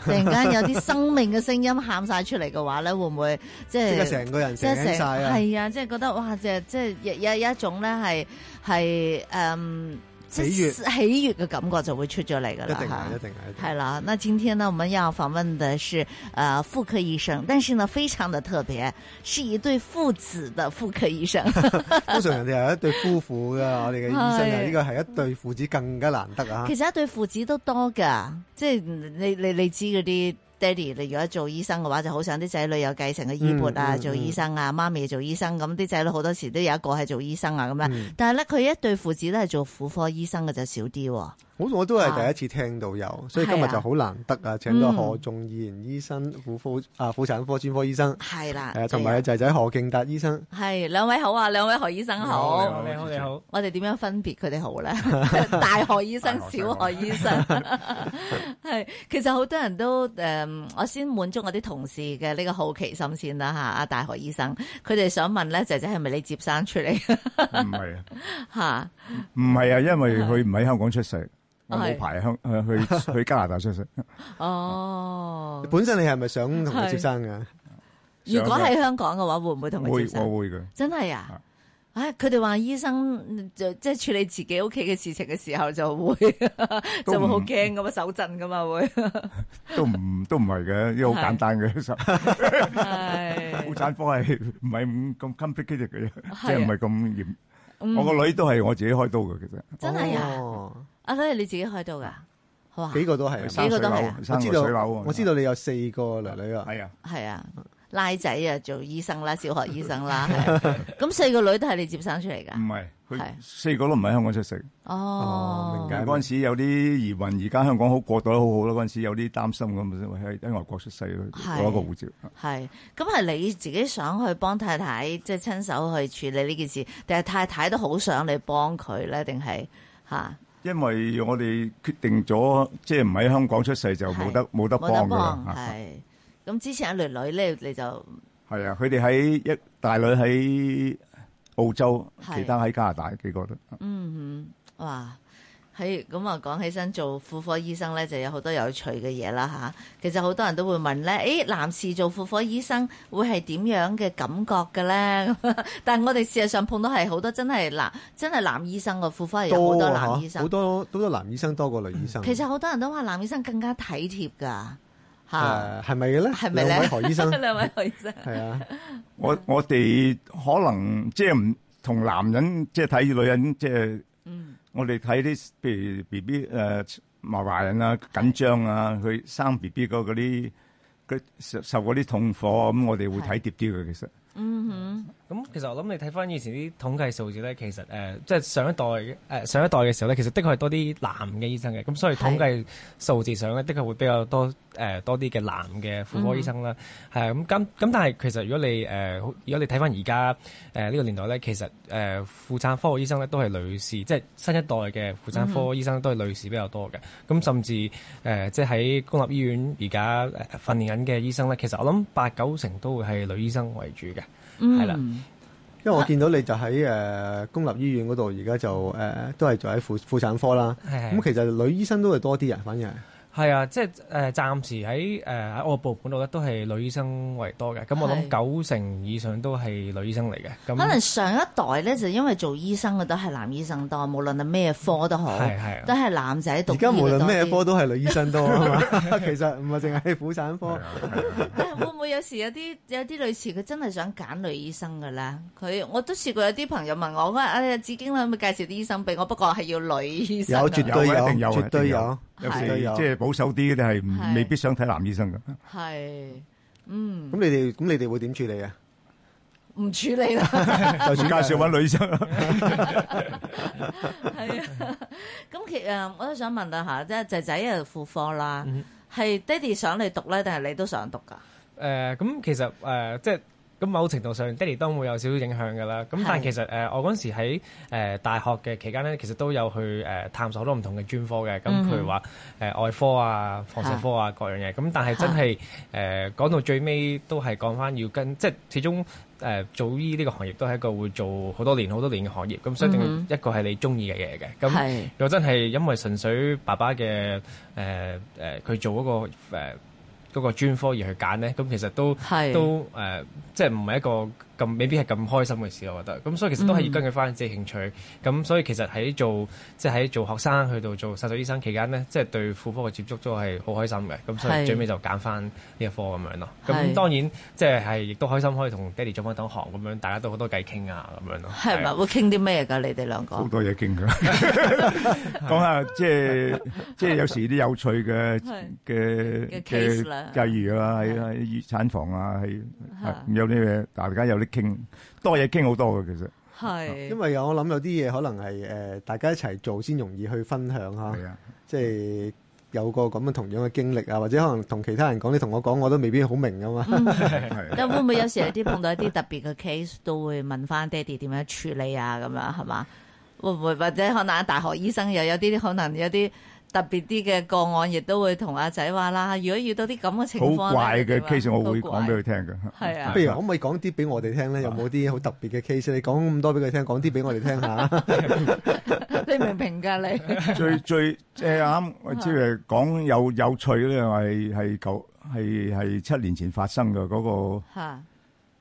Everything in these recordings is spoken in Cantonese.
突然間有啲生命嘅聲音喊晒出嚟嘅話咧，會唔會即係成個人醒曬，即係，啊？係啊，即係覺得哇！即係即係有有一，一種咧係係誒喜悅嘅感覺就會出咗嚟噶啦，一定係，一定係，係啦。那今天呢，我們要訪問嘅是誒、呃、婦科醫生，但是呢，非常的特別，是一對父子的婦科醫生。通 常人哋係一對夫婦噶， 我哋嘅醫生就呢個係一對父子，更加難得啊！其實一對父子都多噶，即係你你你知嗰啲。爹哋，你如果做醫生嘅話，就好想啲仔女有繼承嘅衣缽啊，做醫生啊，媽咪做醫生，咁啲仔女好多時都有一個係做醫生啊咁樣，嗯。但係咧，佢一對父子都係做婦科醫生嘅就少啲，啊。我我都係第一次聽到有。啊、所以今日就好難得啊！請到何仲賢醫生、婦、嗯、婦啊婦產科專科醫生，係啦，啊，同埋仔仔何勁達醫生，係兩位好啊，兩位何醫生好，你好，你好，你，好你好，我哋點樣分別佢哋好咧？ 大何醫生， 小何醫生，係 其實好多人都，嗯嗯，我先滿足我啲同事嘅呢個好奇心先啦吓，大學醫生，佢哋想問咧，姐姐係咪你接生出嚟？唔係啊，吓，唔係啊，因為佢唔喺香港出世，我冇牌，香去去加拿大出世。 哦， 本身你係咪想同佢接生㗎？如果喺香港嘅話，會唔會同佢接生？會，我會嘅。真係啊！唉、啊，佢哋話醫生就即係處理自己屋企嘅事情嘅時候就會，都唔 就會好驚咁啊，手震㗎嘛，會。都唔都唔係嘅， 因為好簡單嘅手術。係。婦產科係唔係咁 complicated 嘅，即係唔係咁嚴。我個女都係我自己開刀嘅，其實。真係啊！阿女係你自己開刀噶，好啊？幾個都係、啊，幾個都係啊！我知道水樓，我知道你有四個女女啊。係啊。係啊。拉仔啊，做醫生啦，小學醫生啦。咁四個女都係你接生出嚟噶？唔係，係四個都唔喺香港出世、哦。哦，明解。嗰陣時有啲疑雲，而家香港好過度，得好好咯。嗰陣時有啲擔心咁，喺喺外國出世攞一個護照。係，咁係你自己想去幫太太，即係親手去處理呢件事，定係太太都好想你幫佢咧？定係、啊、因為我哋決定咗，即係唔喺香港出世就冇得冇得幫㗎。係。咁之前阿女女咧，你就係啊，佢哋喺一大女喺澳洲，其他喺加拿大幾個都嗯嗯，哇，係咁啊，講起身做婦科醫生咧，就有好多有趣嘅嘢啦吓、啊。其實好多人都會問咧，誒、欸，男士做婦科醫生會係點樣嘅感覺嘅咧？ 但係我哋事實上碰到係好多真係男，真係男醫生嘅、啊、婦科醫有好多，男，多、啊、男醫生，好多都多男醫生多過女醫生。嗯、其實好多人都話男醫生更加體貼噶。吓、uh，係咪嘅咧？係咪咧？兩位何醫生， 兩位何醫生， 係是啊 我！我我哋可能即係唔同男人，即係睇住女人，即、就、係、是，嗯、呃，我哋睇啲譬如 B B 誒麻煩啊、緊張啊，佢生 B B 嗰啲，佢受受嗰啲痛苦，啊，咁我哋會睇碟啲嘅，其實。嗯哼，咁其實我諗你睇翻以前啲統計數字咧，其實誒，即、呃、係、就是、上一代誒、呃、上一代嘅時候咧，其實的確係多啲男嘅醫生嘅，咁所以統計數字上咧的確會比較多誒、呃、多啲嘅男嘅婦科醫生啦，係、嗯、啊，咁咁但係其實如果你誒、呃，如果你睇翻而家誒呢個年代咧，其實誒婦、呃、產科醫生咧都係女士，即、就、係、是、新一代嘅婦產科醫生都係女士比較多嘅，咁、嗯、甚至誒即係喺公立醫院而家誒訓練緊嘅醫生咧，其實我諗八九成都會係女醫生為主嘅。嗯，係啦，因為我見到你就喺誒、呃、公立醫院嗰度，而家就誒、呃、都係做喺婦婦產科啦。係，咁其實女醫生都係多啲啊，反而。係啊，即係誒，暫、呃、時喺誒喺我部本度咧，都係女醫生為多嘅。咁我諗九成以上都係女醫生嚟嘅。咁可能上一代咧，嗯、就因為做醫生嘅都係男醫生多，無論係咩科都好，啊、都係男仔讀。而家無論咩科都係女醫生多， 其實唔係淨係婦產科。 會唔會有時有啲有啲女士佢真係想揀女醫生噶啦？佢我都試過有啲朋友問我，我話阿子京啊，可唔可以介紹啲醫生俾我？不過係要女醫生。有絕對有，絕對有。有時即係保守啲嘅，係未必想睇男醫生噶。係，嗯。咁你哋，咁你哋會點處理啊？唔處理啦，就算介紹位女醫生。係啊，咁其實我都想問一下，即係仔仔啊，複科啦，係爹哋想你讀咧，定係你都想讀噶？誒、呃，咁其實誒、呃，即係。咁某程度上爹哋都會有少少影響㗎啦。咁但係其實誒、呃，我嗰時喺誒、呃、大學嘅期間咧，其實都有去誒、呃、探索好多唔同嘅專科嘅。咁、嗯、譬如話誒、呃、外科啊、放射科啊各樣嘢。咁但係真係誒講到最尾，都係講翻要跟，即係始終誒做醫呢個行業都係一個會做好多年、好多年嘅行業。咁、嗯、所以一定一個係你中意嘅嘢嘅。咁若真係因為純粹爸爸嘅誒誒，佢、呃呃、做嗰個、呃嗰個專科而去揀咧，咁其實都係都誒，即係唔係一個。咁未必係咁開心嘅事，我覺得。咁所以其實都係要根據翻自己興趣。咁、嗯、所以其實喺做即係喺做學生去到做實習醫生期間呢，即、就、係、是、對婦科嘅接觸都係好開心嘅。咁所以最尾就揀翻呢一科咁樣咯。咁當然即係亦都開心可以同爹哋做翻同一行咁樣，大家都好多偈傾啊咁樣咯。係咪？會傾啲咩㗎？你哋兩個好多嘢傾㗎。講 一下即係即係有時啲有，有趣嘅嘅嘅 case 啦，例如啊喺喺、啊、產房啊，係、啊啊、有啲嘢大家有啲。傾多嘢，傾好多嘅其實，係、嗯、因為我諗有啲嘢可能係誒大家一齊做先容易去分享啊，即係有個咁嘅同樣嘅經歷啊，或者可能同其他人講，你同我講我都未必好明噶嘛。係、嗯、啊。咁 會唔會有時有啲碰到一啲特別嘅 case 都會問翻爹哋點樣處理啊？咁樣係嘛？會唔會或者可能大學醫生又有啲可能有啲。特別啲嘅個案，亦都會同阿仔話啦。如果遇到啲咁嘅情況，好怪嘅 case，我會講俾佢聽嘅。係啊，不如可唔可以講啲俾我哋聽咧？有冇啲好特別嘅 case？你講咁多俾佢聽，講啲俾我哋聽下。你明唔明噶你？最最即係啱，即係講有有趣咧，係係舊係係七年前發生嘅嗰個，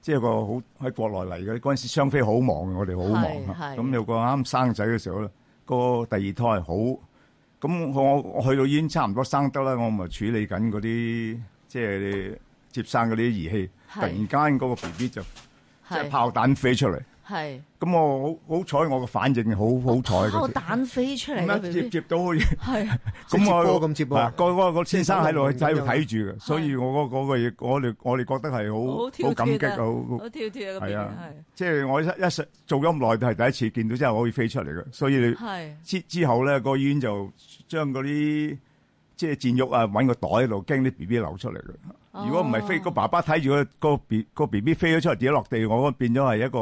即係個好喺國內嚟嘅。嗰陣時雙飛好忙，我哋好忙。係係咁有個啱生仔嘅時候咧，個第二胎好。咁我我去到已經差唔多生得啦，我咪處理緊嗰啲即係接生嗰啲儀器，突然間嗰個 B B 就即係炮彈飛出嚟。係，咁我好好彩，我嘅反應好好彩嘅。個蛋飛出嚟，接接到可以。係，咁我咁直播。個先生喺度喺度睇住嘅，所以我、嗰個嘢，我哋我哋覺得係好好感激，好，好跳跳啊，係即係我一一做咗咁耐，係、都係、第一次見到真係可以飛出嚟嘅，所以之之後咧，個醫院就將嗰啲。即係墊褥啊，揾個袋喺度驚啲 B B 流出嚟嘅、哦。如果唔係飛，個爸爸睇住個 B 個 B B 飛咗出嚟跌咗落地，我變咗係一個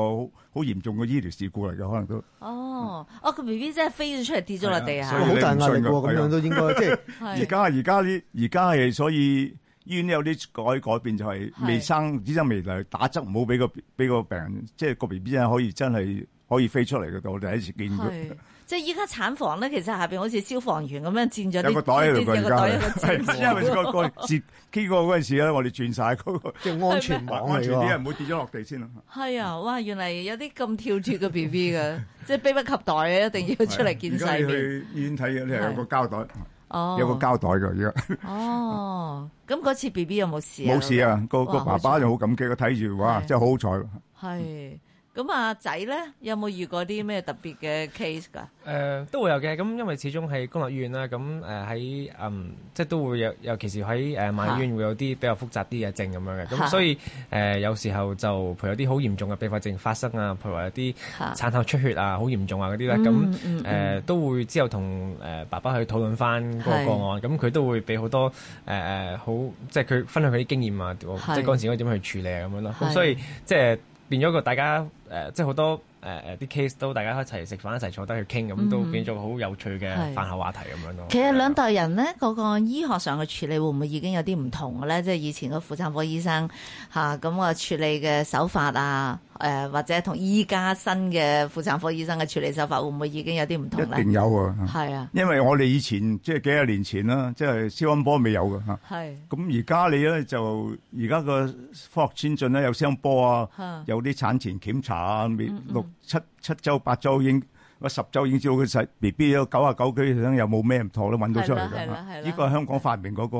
好嚴重嘅醫療事故嚟嘅，可能都。哦，嗯、哦個 B B 真係飛咗出嚟跌咗落地啊！好大壓力喎、啊，咁、啊、樣都應該。而家而家啲而家係，所以醫院有啲改改變，就係未生醫生未嚟打針，唔好俾個俾個病人即係、就是、個 B B 真係可以真係。可以飛出嚟嘅，我第一次見到的。係，即係依家產房咧，其實下邊好似消防員咁樣佔咗有個袋喺度㗎。係因為個接 K、那個、 過嗰陣時咧，我哋轉晒、那個，嗰個即係安全網，安全啲人唔會跌咗落地先咯。係啊、嗯，哇！原來有啲咁跳脫嘅 B B 嘅， 即係迫不及待一定要出嚟見世、啊、去醫院睇有個膠袋。哦。有個膠袋㗎，依家。哦。咁、哦、嗰、嗯、次 B B 有冇事？冇事啊，沒事啊，那個爸爸就好感激，佢睇住，哇！真係好好彩。係。是咁啊仔咧，有冇遇過啲咩特別嘅 case 㗎？誒、呃、都會有嘅，咁因為始終係公立醫院啦，咁誒喺嗯，即係都會有，尤其是喺誒萬醫院會有啲比較複雜啲嘅症咁樣嘅，咁所以誒、呃、有時候就譬如有啲好嚴重嘅併發症發生啊，譬如有啲產後出血啊，好嚴重啊嗰啲咧，咁誒、嗯嗯嗯呃、都會之後同誒爸爸去討論翻個個案，咁佢都會俾好多誒、呃、好，即係佢分享佢啲經驗啊，即係嗰陣時應該點去處理啊咁樣咯，咁所以即係。變咗個大家誒、呃，即係好多。誒誒啲 case 都大家一齊食飯，一齊坐低去傾，咁都變咗好有趣嘅飯後話題咁樣咯。其實兩代人咧嗰、嗰個醫學上嘅處理會唔會已經有啲唔同嘅咧？即、就、係、係，以前個婦產科醫生吓，咁個處理嘅手法啊，誒、啊、或者同依家新嘅婦產科醫生嘅處理手法會唔會已經有啲唔同？一定有啊！係啊！因為我哋以前即係幾廿年前啦，即係超音波未有嘅嚇。係。咁而家你咧，就而家個科學先進咧，有超音波啊，有啲產前檢查啊，未、嗯、六、嗯。七七周八周已經，乜十周已經知道佢細 B B 有九啊九區有冇咩唔妥都揾到出嚟㗎嘛？呢個係香港發明嗰個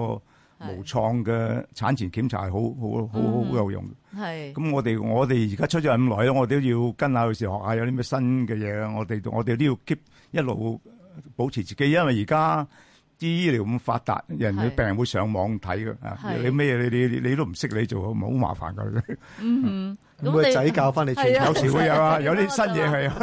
無創嘅產前檢查係，好好好好有用。係。咁我哋我哋而家出咗咁耐咧，我哋都要跟下，有時學下有啲咩新嘅嘢。我哋我哋都要 keep 一路保持自己，因為而家啲醫療咁發達，人哋病人會上網睇㗎啊！你咩你你你都唔識你做，咪好麻煩㗎。嗯咁個仔教翻嚟全有時會有啊， 有啲新嘢係啊，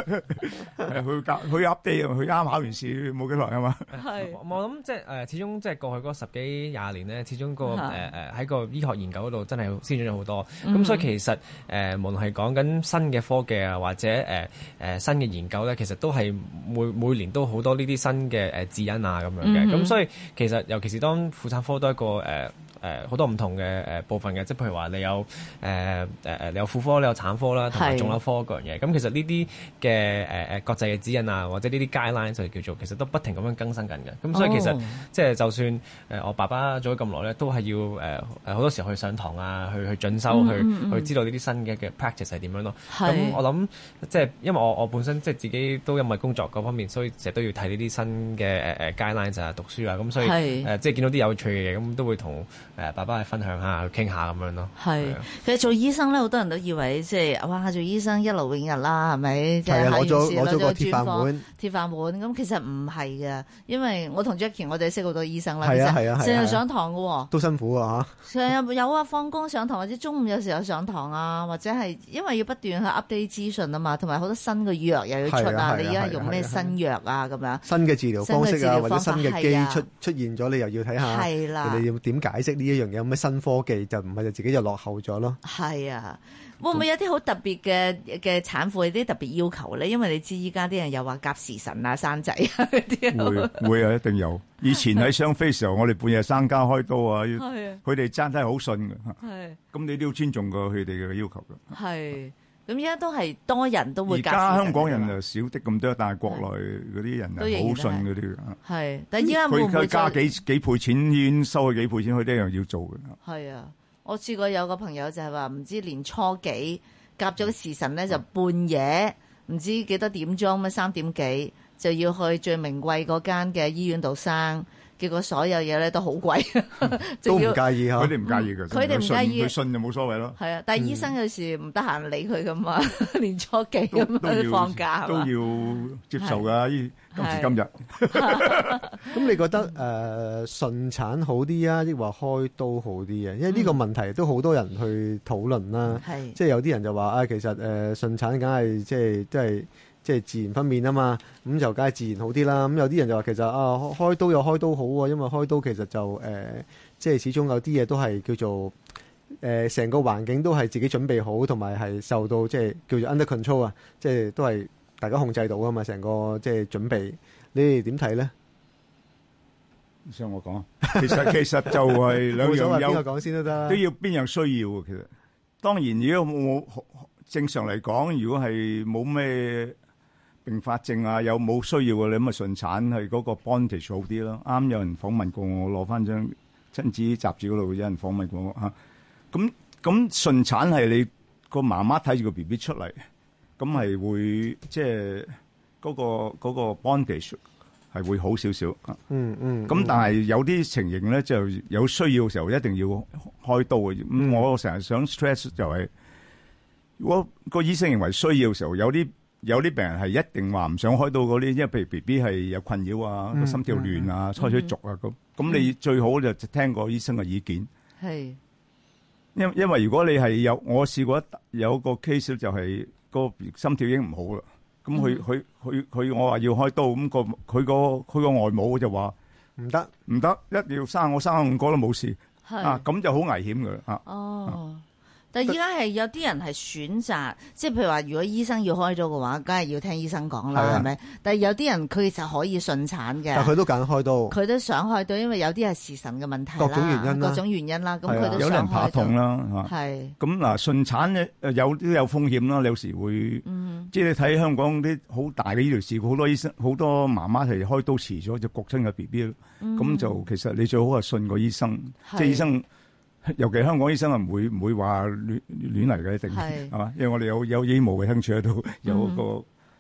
佢教佢，佢啱考完試冇幾耐啊嘛。係，我諗即係、呃、始終即係過去嗰十幾廿年咧，始終個誒誒喺個醫學研究嗰度真係先進咗好多。咁、嗯嗯、所以其實誒、呃，無論係講緊新嘅科技啊，或者誒、呃、新嘅研究咧，其實都係每每年都好多呢啲新嘅誒指引啊咁樣嘅。咁、嗯嗯、所以其實尤其是當婦產科都係一個誒。呃誒、呃、好多唔同嘅部分嘅，即、呃、係譬如話你有誒誒、呃呃、你有婦科、你有產科啦，同埋仲有科嗰樣嘢。咁其實呢啲嘅誒誒國際嘅指引啊，或者呢啲 guideline 就叫做其實都不停咁樣更新緊嘅。咁所以其實、哦、即係就算誒我爸爸做咗咁耐咧，都係要誒好、呃、多時候去上堂啊，去去進修，去、嗯嗯、去知道呢啲新嘅嘅 practice 係點樣咯。咁我諗即係因為我我本身即係自己都因為工作嗰方面，所以成日都要睇呢啲新嘅誒誒 guideline 就係讀書啊，咁所以、呃、即係見到啲有趣嘅嘢，咁都會同。誒，爸爸去分享下，去傾下咁樣咯。係，其實做醫生咧，好多人都以為即係哇，做醫生一勞永逸啦，係咪？係攞咗攞咗個鐵飯碗，鐵飯碗。咁其實唔係嘅，因為我同 Jackie 我哋識好多醫生啦，係啊。成日上堂嘅喎。都辛苦啊。嚇。成日有啊，放工上堂，或者中午有時候上堂啊，或者係因為要不斷去 update 資訊啊嘛，同埋好多新嘅藥又要出啊，你而家用咩新藥啊咁樣。新嘅治、啊、治療方式啊，或者新嘅機出出現咗，你又要睇下。係啦。你要點解釋呢樣嘢有咩新科技就唔係，就自己就落後咗咯？係啊，會唔會有啲好特別嘅嘅產婦有啲特別要求咧？因為你知依家啲人又話夾時辰啊，生仔啊嗰啲，會會啊，一定有。 以前喺雙飛時候，我哋半夜三更開刀啊，係啊，佢哋爭得係好順嘅。係，咁、啊、你都要尊重個佢哋嘅要求嘅。係、啊。咁而家都係多人都會㗎，而家香港人就少啲咁多，但係國內嗰啲人啊好信嗰啲嘅。係，但係而家會唔會加幾幾倍錢，醫院收佢幾倍錢，佢都一樣要做嘅。係啊，我試過有個朋友就係話唔知年初幾夾咗個時辰咧，就半夜唔知幾多點鐘咩，三點幾就要去最名貴嗰間嘅醫院度生。結果所有嘢咧都好貴，嗯、都唔介意嗬？佢哋唔介意嘅，佢哋唔介意，信就冇所謂咯。係啊，但係醫生有時唔得閒理佢咁嘛，年、嗯、初幾咁啊，放假都要接受噶今時今日。咁 你覺得誒、呃、順產好啲啊，亦、就、或、是、開刀好啲呀、啊？因為呢個問題都好多人去討論啦、啊。即、嗯、係、就是、有啲人就話啊，其實誒、呃、順產梗係即係即係。就是就是即係自然分娩啊嘛，咁就梗係自然好啲啦。咁有啲人就話其實啊，開刀又開刀好喎、啊，因為開刀其實就、呃、即係始終有啲嘢都係叫做、呃、成個環境都係自己準備好，同埋係受到即係叫做 under control 啊，即係都係大家控制到噶嘛。成個即係準備，你哋點睇咧？想我講， 其實其實就係兩樣嘢，邊個講先都得，都要邊樣需要啊，其實當然如果我正常嚟講，如果係冇咩。併發症啊，有冇需要㗎？你咁啊順產係嗰個 bondage 好啲咯。啱有人訪問過我，攞返張親子雜誌嗰度有人訪問過我嚇。咁、嗯、咁、嗯嗯、順產係你個媽媽睇住、個 B B 出嚟，咁係會即係嗰個嗰個 bondage 係會好少少。嗯嗯。咁、嗯、但係有啲情形咧，就有需要嘅時候一定要開刀嘅。咁我成日想 stress 就係、是，如果個醫生認為需要嘅時候，有啲。有啲病人係一定話唔想開刀嗰啲，因為譬如 B B 係有困擾啊，心跳亂啊，胎水濁啊，咁咁、嗯嗯、你最好就聽個醫生嘅意見。係。因為因為如果你係有我試過有一個 case 就係個心跳已經唔好啦，咁佢佢佢佢我話要開刀，咁、那個佢個佢個外母就話唔得唔得，一定要生我生，生五個都冇事，啊咁就好危險㗎啦哦。啊但係而家係有啲人係選擇，即係譬如話，如果醫生要開刀嘅話，梗係要聽醫生講啦，係咪、啊？但係有啲人佢其實可以順產嘅。但佢都揀開刀。佢都想開刀，因為有啲係時辰嘅問題，各種原因、啊、各種原因啦。咁、啊、佢都有人怕痛啦、啊，係。咁嗱，順產咧，有都有風險啦，有時會，嗯、即係你睇香港啲好大嘅醫療事故，好多醫生好多媽媽係開刀遲咗就焗親個 B B 啦。咁就其實你最好係信個醫生，嗯、即係醫生。尤其香港醫生唔會唔會話亂亂嚟嘅，一定係嘛？因為我哋有有義務嘅，興趣喺度有個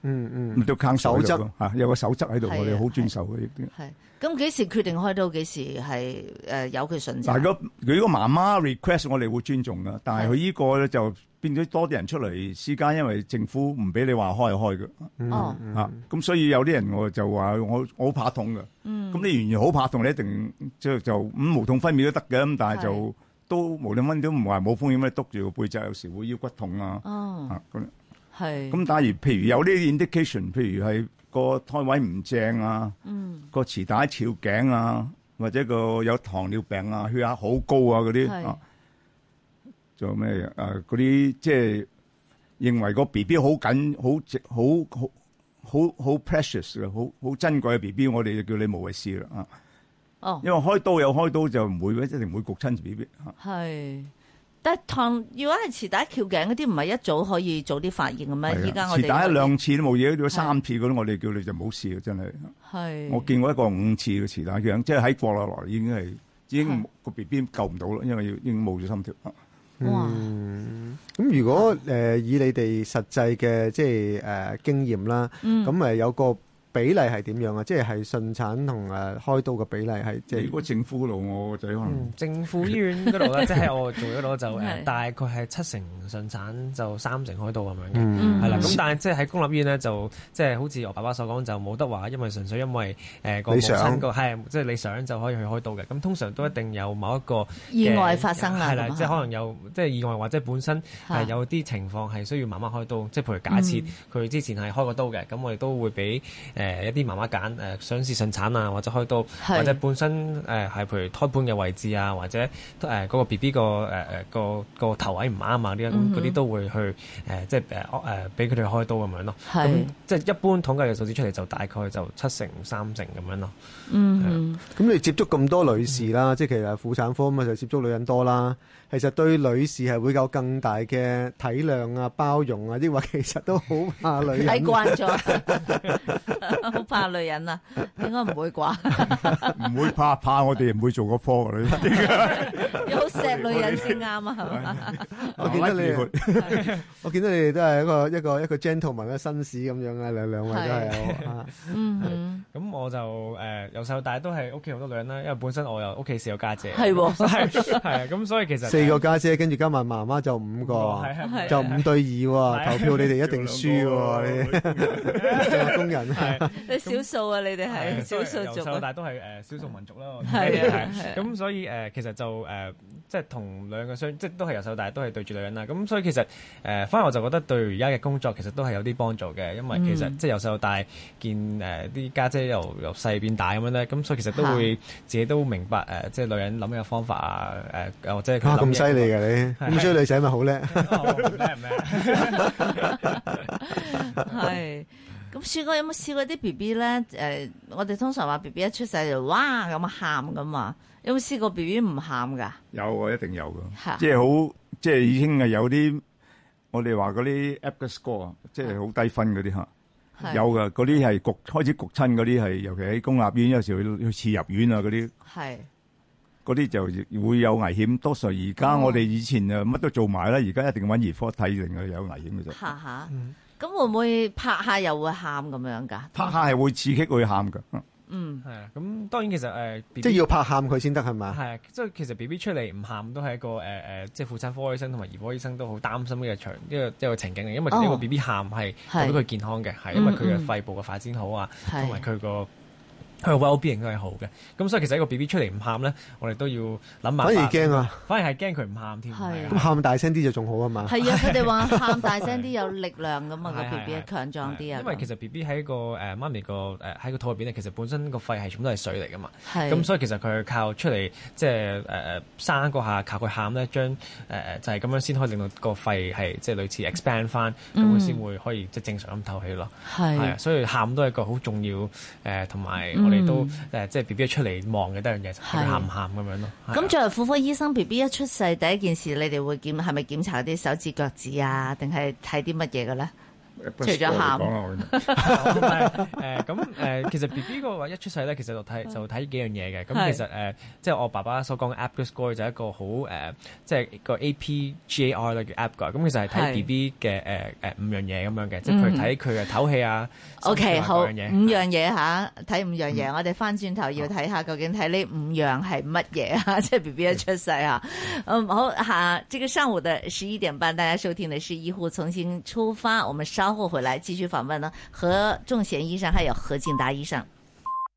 嗯嗯，唔得抗守則，嗯、有個守則喺度，我哋好遵守嘅。係咁幾時決定開到幾時係誒，呃、有佢順？大，如果如果媽媽 request，我哋會尊重㗎。但係佢依個咧就變咗多啲人出嚟私家，因為政府唔俾你話開就開㗎。咁、哦、所以有啲人我就話我我好怕痛㗎。嗯，咁你完全好怕痛，你一定即就五無痛分娩都得嘅。咁但係就都無論蚊，都唔話冇風險咧，督住個背脊有時會腰骨痛啊。哦、咁、啊、係。咁但係如，譬如有啲 indication，譬如係個胎位唔正啊，嗯、個臍帶翹頸啊，或者個有糖尿病啊、血壓好高啊嗰啲，仲有咩啊？嗰啲、啊、即係認為個 B B 好緊、好好好好好 precious 嘅、好好珍貴嘅 B B，我哋就叫你無謂試啦啊。哦，因為開刀有開刀就唔會嘅，一定唔會焗親住 B B。係，但係唐，如果係臍帶翹頸嗰啲，唔係一早可以早啲發現嘅咩？而家我哋臍帶一兩次都冇嘢，到三次嗰啲，我哋叫你就冇事嘅，真係。係。我見過一個五次嘅臍帶翹頸，即係喺過落來已經係已經個 B B 救唔到啦，因為要已經冇咗心跳。哇！咁如果誒以你哋實際嘅即係誒經驗啦，咁誒有個。比例係點樣啊？即係係順產同誒開刀嘅比例係即係如果政府路，我個仔可能、嗯、政府醫院嗰度咧，即 係我做咗攞就誒、嗯，大概係七成順產就三成開刀咁樣嘅，係、嗯、啦。咁、嗯嗯、但係即係喺公立醫院咧，就即係好似我爸爸所講，就冇得話，因為純粹因為誒、呃那個母親即係你，、就是、你想就可以去開刀嘅。咁通常都一定有某一個意外發生啊，係、呃、啦，即係、就是、可能有即係、就是、意外或者本身係有啲情況係需要慢慢開刀，即、啊、係譬如假設佢、嗯、之前係開過刀嘅，咁我哋都會俾誒。呃誒一啲媽媽揀誒想試順產啊，或者開刀，或者本身誒係、呃、譬如胎盤嘅位置啊，或者誒嗰、呃嗰個 B B 個誒誒個個頭位唔啱啊，呢啲、嗯、都會去誒即係誒誒俾佢哋開刀咁樣咯。咁即係一般統計嘅數字出嚟就大概就七成三成咁樣咯、嗯。嗯，咁你接觸咁多女士啦、嗯，即係其實婦產科咁啊，就接觸女人多啦。其實對女士係會有更大嘅體諒啊，包容啊，抑或其實都好怕女人。睇慣咗，好 怕女人啊？應該唔會啩？唔會怕，怕我哋唔會做嗰科嘅女人。好錫女人先啱啊？係，嗯、咪？我見到 你，我見到你哋都係一個一個一個 gentleman 嘅紳士咁樣兩啊，兩兩位都係。嗯，咁我就誒，由、呃、細到大都係屋企好多女人啦，因為本身我又屋企係有家姐，姐。係喎、哦，係係啊，咁所以其實。四個家姐，姐，跟住加埋媽媽就五個，就五對二喎。投票你哋一定輸喎，你，你工人，你少數啊， 啊，你哋係少數族，但都係誒少數民族啦。係係咁，所以誒、呃、其實就誒即係同兩個相，即都係由細到大都係對住女人啦。咁所以其實誒反而我就覺得對而家嘅工作其實都係有啲幫助嘅，因為其實、嗯、即係由細到大見誒啲家姐由由細變大咁樣咧，咁所以其實都會自己都明白誒、呃，即係女人諗嘅方法、呃、啊，誒或者佢諗。犀利嘅，你咁，所以女仔咪好叻，叻唔叻？係咁，雪 哥有冇試過啲 B B 咧？誒，我哋通常話 B B 一出世就哇咁喊咁啊，有冇試過 B B 唔喊噶？有，我一定有嘅，即係好即係已經係有啲，我哋話嗰啲 Apgar score 啊，即係好低分嗰啲嚇，有嘅嗰啲係焗開始焗親嗰啲係，尤其喺公立醫院有時去去遲入院啊嗰啲，係。嗰啲就會有危險，多數而家我哋以前就乜都做埋啦，而家一定揾兒科睇，定係有危險嘅啫。拍、嗯、下？咁、嗯、會唔會拍下又會喊咁樣㗎？拍下係會刺激會喊㗎。嗯，係、嗯、啊。咁當然其實誒、呃，即係要拍喊佢先得係咪？係、嗯呃，即係其實 B B 出嚟唔喊都係一個誒誒，即係婦產科醫生同埋兒科醫生都好擔心呢個場，一個一個情景嚟。因為呢個 B B 喊係對佢健康嘅，係、哦、因為佢嘅肺部嘅發展好啊，同埋佢個。佢話、well：being 都係好嘅，咁所以其實一個 B B 出嚟唔喊咧，我哋都要諗埋。反而驚啊！反而係驚佢唔喊添。係、啊。咁喊、啊、大聲啲就仲好啊嘛。係啊！佢哋話喊大聲啲有力量噶嘛，啊啊個 B B 強壯啲啊,啊。因為其實 B B 喺個誒、呃、媽咪個誒喺個肚入邊咧，其實本身個肺係全部都係水嚟噶嘛。咁、啊、所以其實佢靠出嚟即係誒生嗰下靠佢喊咧，將誒、呃、就係、是、咁樣先可以令到個肺係即係類似 expand 翻，咁佢先會可以即係正常咁透氣咯。係、嗯。啊，所以喊都係一個好重要誒同埋。呃都、嗯、誒，即係 B B 出嚟望嘅第一樣嘢就喊唔喊咁樣咯。咁作為婦科醫生，B B 一出世第一件事，你哋會檢係咪檢查啲手指腳趾啊，定係睇啲乜嘢嘅咧？除咗喊，咁誒，其實 B B 個話一出世咧、嗯嗯，其實就睇就睇幾樣嘢嘅。咁其實誒即係我爸爸所講嘅 Apgar Score 就係一個好誒、呃、即係個 APGAR 啦，叫 App 嘅咁其實係睇 B B 嘅誒誒五樣嘢咁樣嘅，即係佢睇佢嘅唞氣啊。O、okay, K，好，五樣嘢吓，睇、啊、五樣嘢、嗯。我哋翻轉頭要睇下究竟睇呢五樣係乜嘢啊？即係 B B 一出世啊。嗯，好嚇，這個上午的十一點半，大家收聽嘅係醫護從心出發，我們稍。後回來繼續訪問呢，何仲賢醫生還有何勁達醫生。